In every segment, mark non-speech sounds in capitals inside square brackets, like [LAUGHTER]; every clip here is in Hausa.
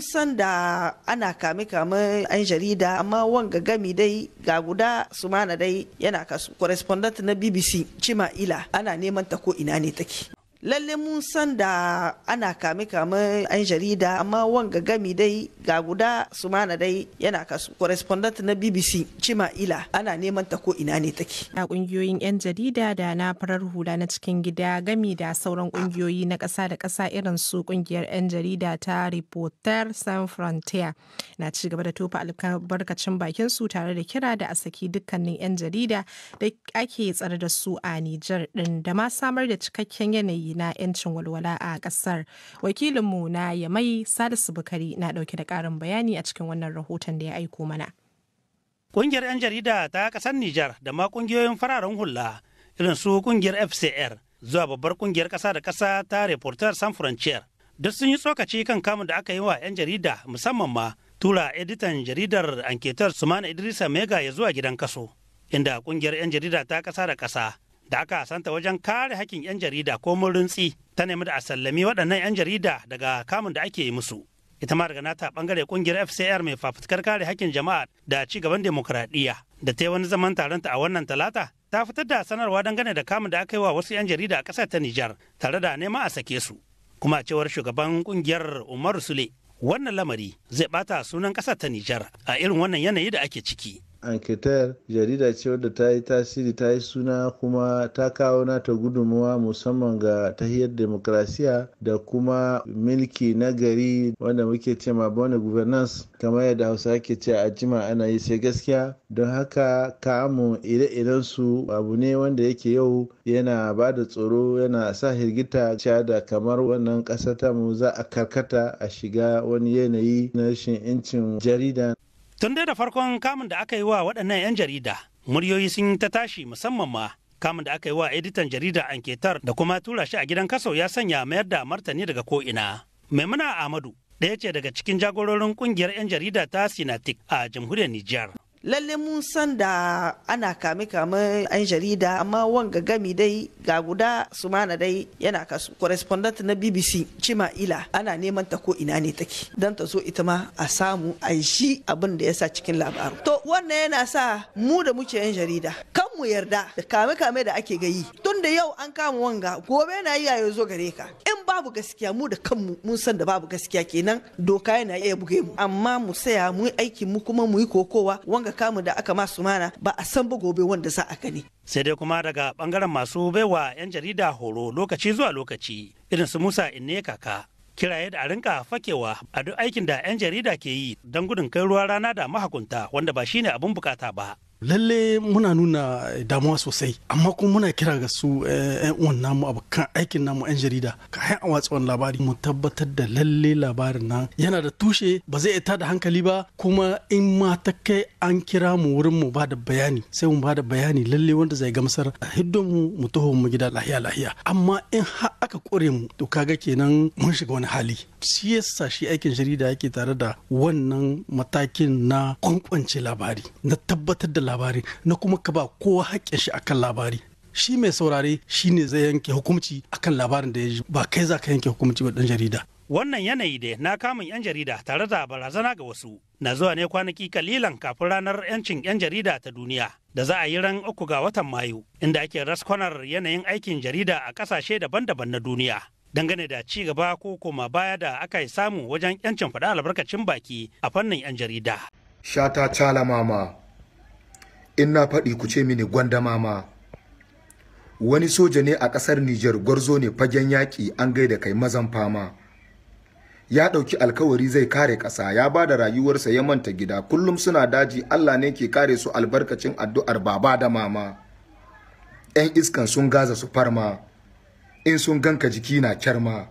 san da ana kame kame an jarida amma wanga gami dai ga guda mana dai yana kasu correspondent na bbc chima ila ana neman ta ko ina ne take lalle mun san da ana kame kamar an jarida amma wanga gami dai ga guda su mana dai yana kasu correspondent na bbc cima ila ana neman ta ko ina ne take a kungiyoyin yan jarida da na farar hula na cikin gida gami da sauran kungiyoyi na ƙasa da kasa irin su kungiyar yan jarida ta reporter san frontier na ci gaba da tofa albarkacin bakin su tare da kira da a saki dukkanin yan jarida da ake tsare da su a nijar din da ma samar da cikakken yanayi na 'yancin walwala a ƙasar. Wakilinmu na Yamai Salisu Bukari na ɗauke da ƙarin bayani a cikin wannan rahoton da ya aiko mana. Ƙungiyar 'yan jarida ta ƙasar Nijar da ma ƙungiyoyin fararen hula irin su ƙungiyar FCR zuwa babbar ƙungiyar ƙasa da ƙasa ta reporter san Frontier duk sun yi tsokaci kan kamun da aka yi wa 'yan jarida musamman ma tura editan jaridar anketar Sumana Idrisa Mega ya zuwa gidan kaso inda ƙungiyar 'yan jarida ta ƙasa da ƙasa da aka santa wajen kare hakkin 'yan jarida ko murintsi ta nemi da a sallami waɗannan 'yan jarida daga kamun da ake yi musu ita ma daga nata bangare kungiyar fcr mai fafutukar kare hakkin jama'a da ci gaban demokuraɗiyya da ta yi wani zaman taronta a wannan talata ta fitar da sanarwa dangane da kamun da aka yi wa wasu 'yan jarida a ƙasar ta nijar tare da nema a sake su kuma cewar shugaban ƙungiyar umaru sule wannan lamari zai bata sunan ƙasar ta nijar a irin wannan yanayi da ake ciki Enquêteur jarida ce wadda ta yi tasiri ta yi suna kuma ta kawo nata gudunmuwa musamman ga tahiyar demokrasiya da kuma milki na gari wanda muke ce ma bane governance kamar yadda hausa ke ce a jima ana yi sai gaskiya don haka kamu ire-iren su abu ne wanda yake yau yana ba da tsoro yana sa hirgita cewa da kamar wannan kasar tamu za a karkata a shiga wani yanayi na rashin 'yancin jarida. Tun da farkon kamun da aka yi wa waɗannan 'yan jarida, muryoyi sun yi ta tashi musamman ma kamun da aka yi wa editan jarida anketar da kuma tura shi a gidan kaso ya sanya mayar da martani daga ko'ina. Maimuna Ahmadu ɗaya ce daga cikin jagororin ƙungiyar 'yan jarida ta Sinatik a jamhuriyar Nijar. lalle mun san da ana kame kame an jarida amma wanga gami dai ga guda su mana dai yana kasu correspondent na bbc cima ila ana neman ta ko ina ne take don ta zo ita ma a samu a shi abin da ya sa cikin labaru to wannan yana sa mu da muke yan jarida kan mu yarda da kame kame da ake gayi tun da yau an kama wanga gobe na yi ya zo gare ka in babu gaskiya mu da kanmu mun san da babu gaskiya kenan doka yana iya buge mu amma mu saya mu yi aiki mu kuma mu yi kokowa wanga kamu da aka masu mana ba a san ba gobe wanda za a gani sai dai kuma daga bangaren masu baiwa yan jarida horo lokaci zuwa lokaci irin su Musa Inne kaka kiraye da a rinka fakewa a duk aikin da 'yan jarida ke yi don gudun kai ruwa rana da mahakunta wanda ba shine abin bukata ba lalle muna nuna eh, damuwa sosai amma kuma muna kira ga su yan eh, uwan namu abokan aikin namu yan jarida ka a awatsuwan labari mu tabbatar da lalle labarin nan yana da tushe ba zai ita da hankali ba kuma in ma ta kai an kira mu wurin mu ba da bayani sai mu ba da bayani lalle wanda zai gamsar A hiddon mu mu taho mu gida lahiya lahiya amma in har aka kore mu to kaga kenan mun shiga wani hali shi yasa shi aikin jarida yake tare da wannan matakin na kwankwance labari na tabbatar da labari na kuma ka ba kowa haƙƙin shi akan labari shi mai saurare shi ne zai yanke hukunci akan labarin da ya ji ba kai za ka yanke hukunci ba dan jarida wannan yanayi da na kamun 'yan jarida tare da barazana ga wasu na zuwa ne kwanaki kalilan kafin ranar 'yancin 'yan jarida ta duniya da za a yi ran uku ga watan mayu inda ake raskwanar yanayin aikin jarida a kasashe daban-daban na duniya dangane da ci gaba ko koma baya da aka yi samu wajen 'yancin faɗa albarkacin baki a fannin 'yan jarida. shata calamama in na faɗi ku ce mini gwanda mama wani soja ne a ƙasar Nijar gwarzo ne fagen yaƙi an gaida kai mazan fama ya ɗauki alkawari zai kare ƙasa ya ba da rayuwarsa ya manta gida kullum suna daji Allah ne ke kare su albarkacin addu'ar baba da mama 'yan iskan sun gaza su farma in sun ganka jiki na kyarma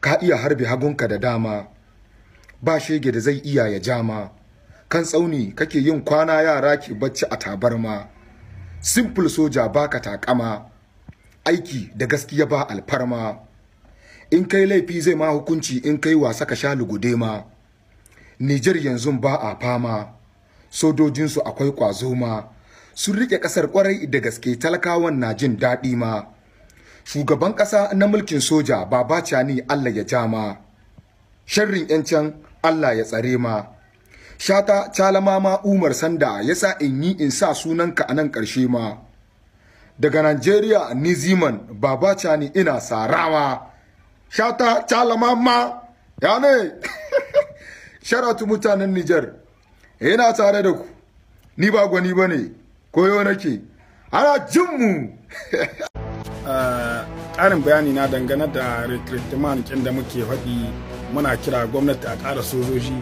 ka iya harbe hagunka da dama ba shege da zai iya ya jama kan tsauni kake yin kwana yara ke bacci a tabarma simple soja baka takama aiki da gaskiya ba alfarma in kai laifi zai ma hukunci in kai wasa ka sha lugude ma Nijar yanzu ba a fama sojojinsu akwai kwazo ma sun rike kasar kwarai da gaske talakawan na jin daɗi ma shugaban ƙasa na mulkin soja ba ni Allah ya ja ma sharrin 'yan Allah ya tsare ma shata calama ma umar sanda ya sa in yi in sa sunanka a nan ƙarshe ma daga nigeria niziman baba cani ina sarawa shata calama ma ya ne [LAUGHS] sharatu mutanen niger yana tare da ku ni ba gwani ba ne koyo nake ana jinmu [LAUGHS] eh, ƙarin bayani na dangane da recruitment kin da muke faɗi muna kira gwamnati a ƙara sojoji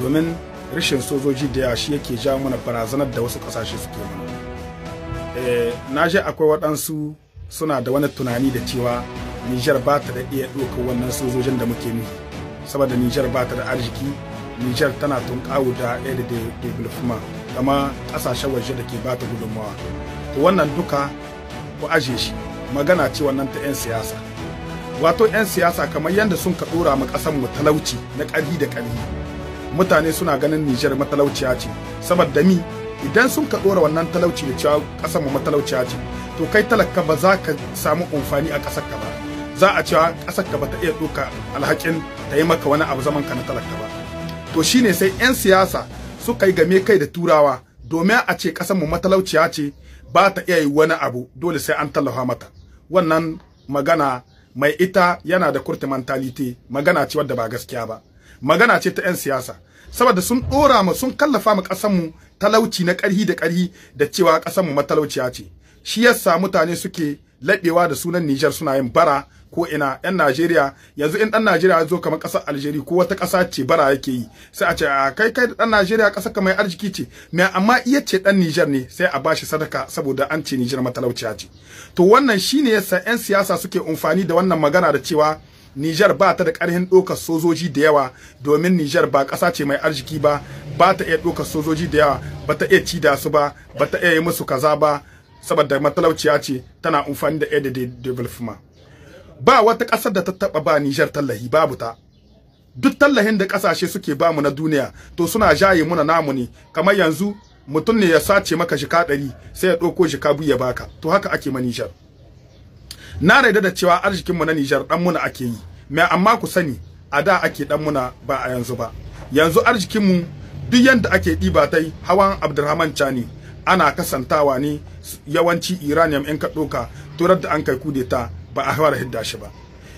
domin rashin sojoji da yawa shi yake jawo mana barazanar da wasu kasashe suke mana eh, na ji akwai waɗansu suna da wani tunani da cewa nijar ba ta da iya ɗaukar wannan sojojin da muke nufi saboda nijar ba ta da arziki nijar tana tunƙawu da yadda da development kama ƙasashen waje da ke ba ta gudunmawa to wannan duka ku aje shi magana ce wannan ta 'yan siyasa wato 'yan siyasa kamar yadda sun ka ɗora ma ƙasar mu talauci na ƙarfi da ƙarfi mutane suna ganin Nijar matalauciya ce saboda mi idan sun ka dora wannan talauci da cewa kasar mu matalauciya ce to kai talaka ba za ka samu amfani a kasar ka ba za a cewa kasar ka ba ta iya doka alhakin ta yi maka wani abu zaman ka na talaka ba to shine sai yan siyasa suka yi game kai da turawa domin a ce kasar mu matalauciya ce ba ta iya yi wani abu dole sai an tallafa mata wannan magana mai ita yana da kurti mentality magana ce wadda ba gaskiya ba magana ce ta 'yan siyasa saboda sun dora mu sun kallafa mu ƙasar mu talauci na ƙarhi da ƙarhi da cewa ƙasar mu matalauciya ce shi yasa mutane suke laɓewa da sunan Niger suna yin bara ko ina yan Najeriya yanzu in dan Najeriya zo kamar kasar Algeria ko wata kasa ce bara yake yi sai a ce a kai kai dan Najeriya kasar ka mai arziki ce me amma iya ce dan Niger ne sai a bashi sadaka saboda an ce Niger matalauciya ce to wannan shine yasa yan siyasa suke amfani da wannan magana da cewa Nijar ba ta da ƙarhin ɗaukar sojoji da yawa domin Nijar ba ƙasa ce mai arziki ba ba ta iya ɗaukar sojoji da yawa ba ta iya ci da su ba ba ta iya yi musu kaza ba saboda matalauciya ce tana amfani da da development ba wata ƙasar da ta taɓa ba Nijar tallahi babu ta duk tallahin da ƙasashe suke ba mu na duniya to suna jaye muna namu ne kamar yanzu mutum ne ya sace maka shika ɗari sai ya ɗauko shika biyu ya baka to haka ake ma Nijar. na raida da cewa arzikin mu na Niger dan muna ake yi me amma ku sani a da ake dan muna ba a yanzu ba yanzu arzikin mu duk yanda ake diba tai hawan Abdulrahman Chani ana kasantawa ne yawanci Iranian in ka doka turar da an kai kudeta ba a fara hidda shi ba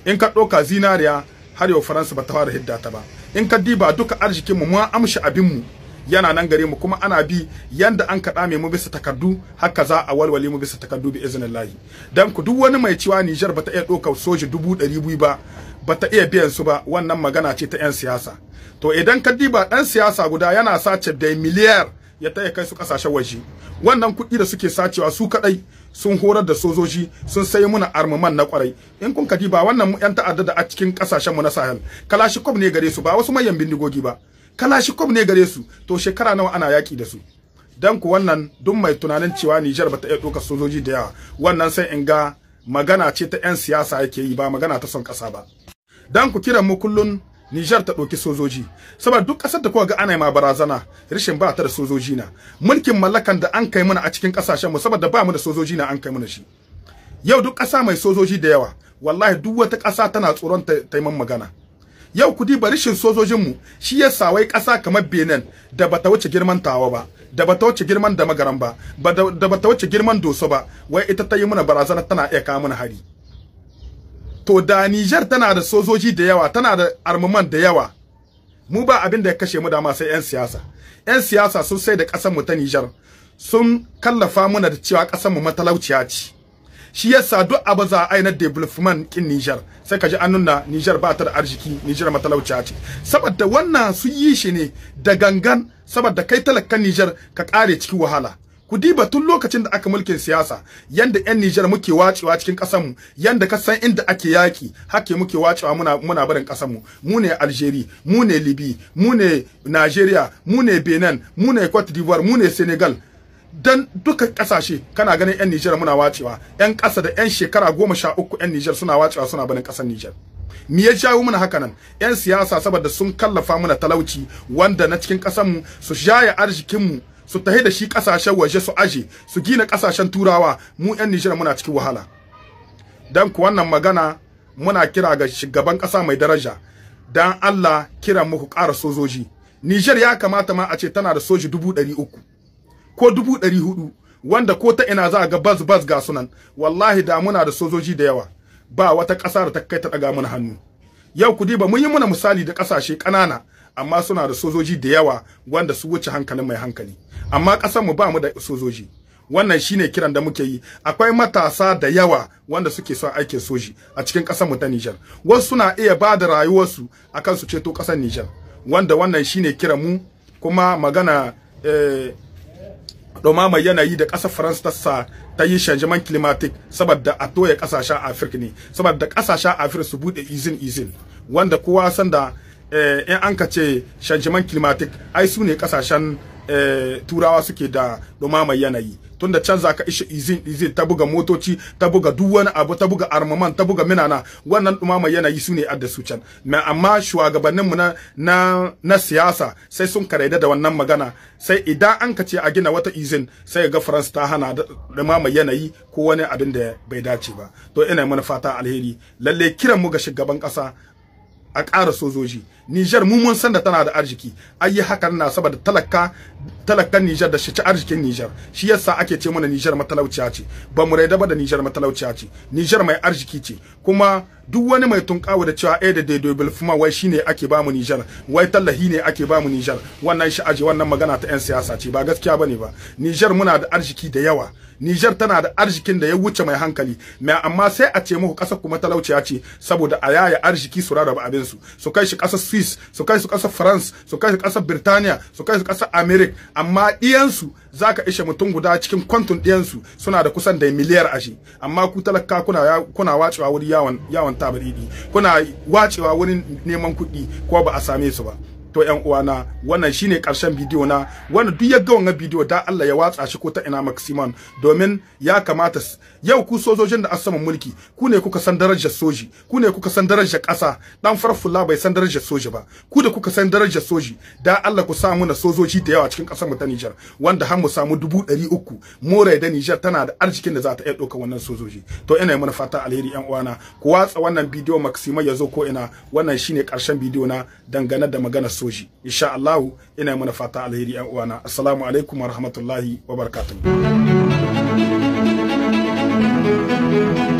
in ka doka zinariya har yau Faransa ba ta fara hidda ta ba in ka diba duka arzikin mu mun amshi abin mu yana nan gare mu kuma ana bi yanda an kaɗa mai mu bisa takardu haka za a walwale mu bisa takardu bi iznillahi dan ku duk wani mai ciwa Niger bata iya ɗaukar soji dubu ɗari biyu ba bata iya biyan su ba wannan magana ce ta 'yan siyasa to idan ka diba ɗan siyasa guda yana sace da miliyar ya taya kai su ƙasashen waje wannan kuɗi da suke sacewa su kadai sun horar da sojoji sun sayi muna armaman na kwarai in kun ka ba wannan yan ta'adda da a cikin kasashen mu na Sahel kalashikov ne gare su ba wasu mayan bindigogi ba kalashi kom ne gare su to shekara nawa ana yaki da su dan ku wannan duk mai tunanin cewa Niger bata iya doka sojoji da yawa wannan sai in ga magana ce ta 'yan siyasa yake yi ba magana ta son kasa ba dan ku kiran mu kullun Niger ta ɗauki sojoji saboda duk kasar da kuka ga ana ma barazana rishin ba ta da sojoji na mulkin mallakan da an kai mana a cikin kasashen mu saboda ba mu da sojoji na an kai mana shi yau duk ƙasa mai sojoji da yawa wallahi duk wata ƙasa tana tsoron ta, ta magana yau kudi ba rashin sojojinmu shi ya wai ƙasa kamar benin da bata wuce girman tawa ba da bata wuce girman da magaran ba da bata wuce girman doso ba wai ita ta yi mana barazana tana iya kawo mana hari to da Niger tana da sojoji da yawa tana da armaman da yawa mu ba abin da ya kashe mu da ma sai yan siyasa yan siyasa sun sai da ƙasar mu ta Niger sun kallafa muna da cewa ƙasar mu matalauciya ce shi yasa duk abu za a na development kin Niger sai ka ji an nuna Niger ba ta da arziki Niger matalauci ce saboda wannan su yi shi ne da gangan saboda kai talakan Niger ka kare cikin wahala ku diba tun lokacin da aka mulkin siyasa yanda yan Niger muke wacewa cikin kasar mu yanda ka san inda ake yaki hake muke wacewa muna muna barin kasar mu mu ne Algeria mu ne Libya mu ne Nigeria mu ne Benin mu ne Cote d'Ivoire mu ne Senegal dan duka kasashe kana ganin yan Nijar muna wacewa yan ƙasa da yan shekara goma sha uku yan Nijar suna wacewa suna barin kasar Nijar. me ya jawo muna haka nan yan siyasa saboda sun kallafa mana talauci wanda na cikin kasar mu su jaya arzikin mu su tahi da shi kasashen waje su aje su gina kasashen turawa mu yan Nijar muna cikin wahala dan ku wannan magana muna kira ga shugaban kasa mai daraja dan Allah kira muku ƙara sojoji Nijar ya kamata ma a ce tana da soji dubu ɗari uku ko dubu ɗari hudu wanda ko ta ina za a ga bas bas ga sunan wallahi da muna da sojoji da yawa ba wata ƙasa da ta kai ta ɗaga mana hannu yau ku ba mun yi muna misali da ƙasashe ƙanana amma suna da sojoji da yawa wanda su wuce hankalin mai hankali amma ƙasar mu ba mu da sojoji wannan shine kiran da muke yi akwai matasa da yawa wanda suke son aikin soji a cikin ƙasar mu ta Nijar wasu suna iya ba da rayuwarsu akan su ceto ƙasar Nijar wanda wannan shine kiran mu kuma magana eh, ɗumamar yanayi da ƙasar France ta sa ta yi changement climatique saboda a toye ƙasashen Africa ne saboda ƙasashen Africa su bude izin izin wanda kowa san da eh, in an ka ce changement climatique ai su ne ƙasashen eh, turawa suke da ɗumamar yanayi tunda can zaka ka ishe izin izin ta buga motoci ta buga duk wani abu ta buga armaman ta buga minana wannan dumama yanayi su ne adda su can amma shugabannin mu na na siyasa sai sun karaida da wannan magana sai idan an kace a gina wata izin sai ga France ta hana dumama yanayi ko wani abin da bai dace ba to ina mana fata alheri lalle kiran mu ga shugaban kasa a ƙara sojoji Niger mu mun san da tana da arziki ayi hakan na saboda talaka talakan Niger da shi ci arzikin Niger shi yasa ake ce mana Niger matalauciya ce ba mu raida ba da Niger matalauciya ce Niger mai arziki ce kuma duk wani mai tunkawa da cewa eh da daidai bilfuma wai shine ake ba mu Nijar wai tallahi ne ake ba mu Nijar wannan shi aje wannan magana ta yan siyasa ce ba gaskiya bane ba Nijar muna da arziki da yawa Nijar tana da arzikin da ya wuce mai hankali mai amma sai a ce muku kasar kuma talauciya ce saboda a yaya arziki su rarraba abin su su kai shi kasar Swiss su kai su kasar France su kai su kasar Birtaniya su kai su kasar America amma diyan su zaka ishe mutum guda cikin kwantun ɗiyansu suna da kusan da miliyar ashi amma ku talaka kuna kuna wacewa wuri yawon yawan tabaridi kuna wacewa wurin neman kuɗi ko ba a same su ba to ƴan uwana wannan shine ƙarshen bidiyo na wannan duk ya ga bidiyo da Allah ya watsa shi ko ta ina maximum domin ya kamata yau ku sojojin da asaman mulki ku ne kuka san darajar soji ku ne kuka san darajar ƙasa dan farfulla bai san darajar soji ba ku da kuka san darajar soji da Allah ku samu na sojoji da yawa cikin ƙasar mu ta Niger wanda har mu samu dubu ɗari uku more da Niger tana da arzikin da za ta iya ɗaukar wannan sojoji to ina mana fata alheri yan uwana ku watsa wannan bidiyo Maxima ya zo ko ina wannan shine karshen bidiyo na dangane da magana soji insha Allah ina mana fata alheri yan uwana assalamu alaikum wa wabarakatuh Thank you.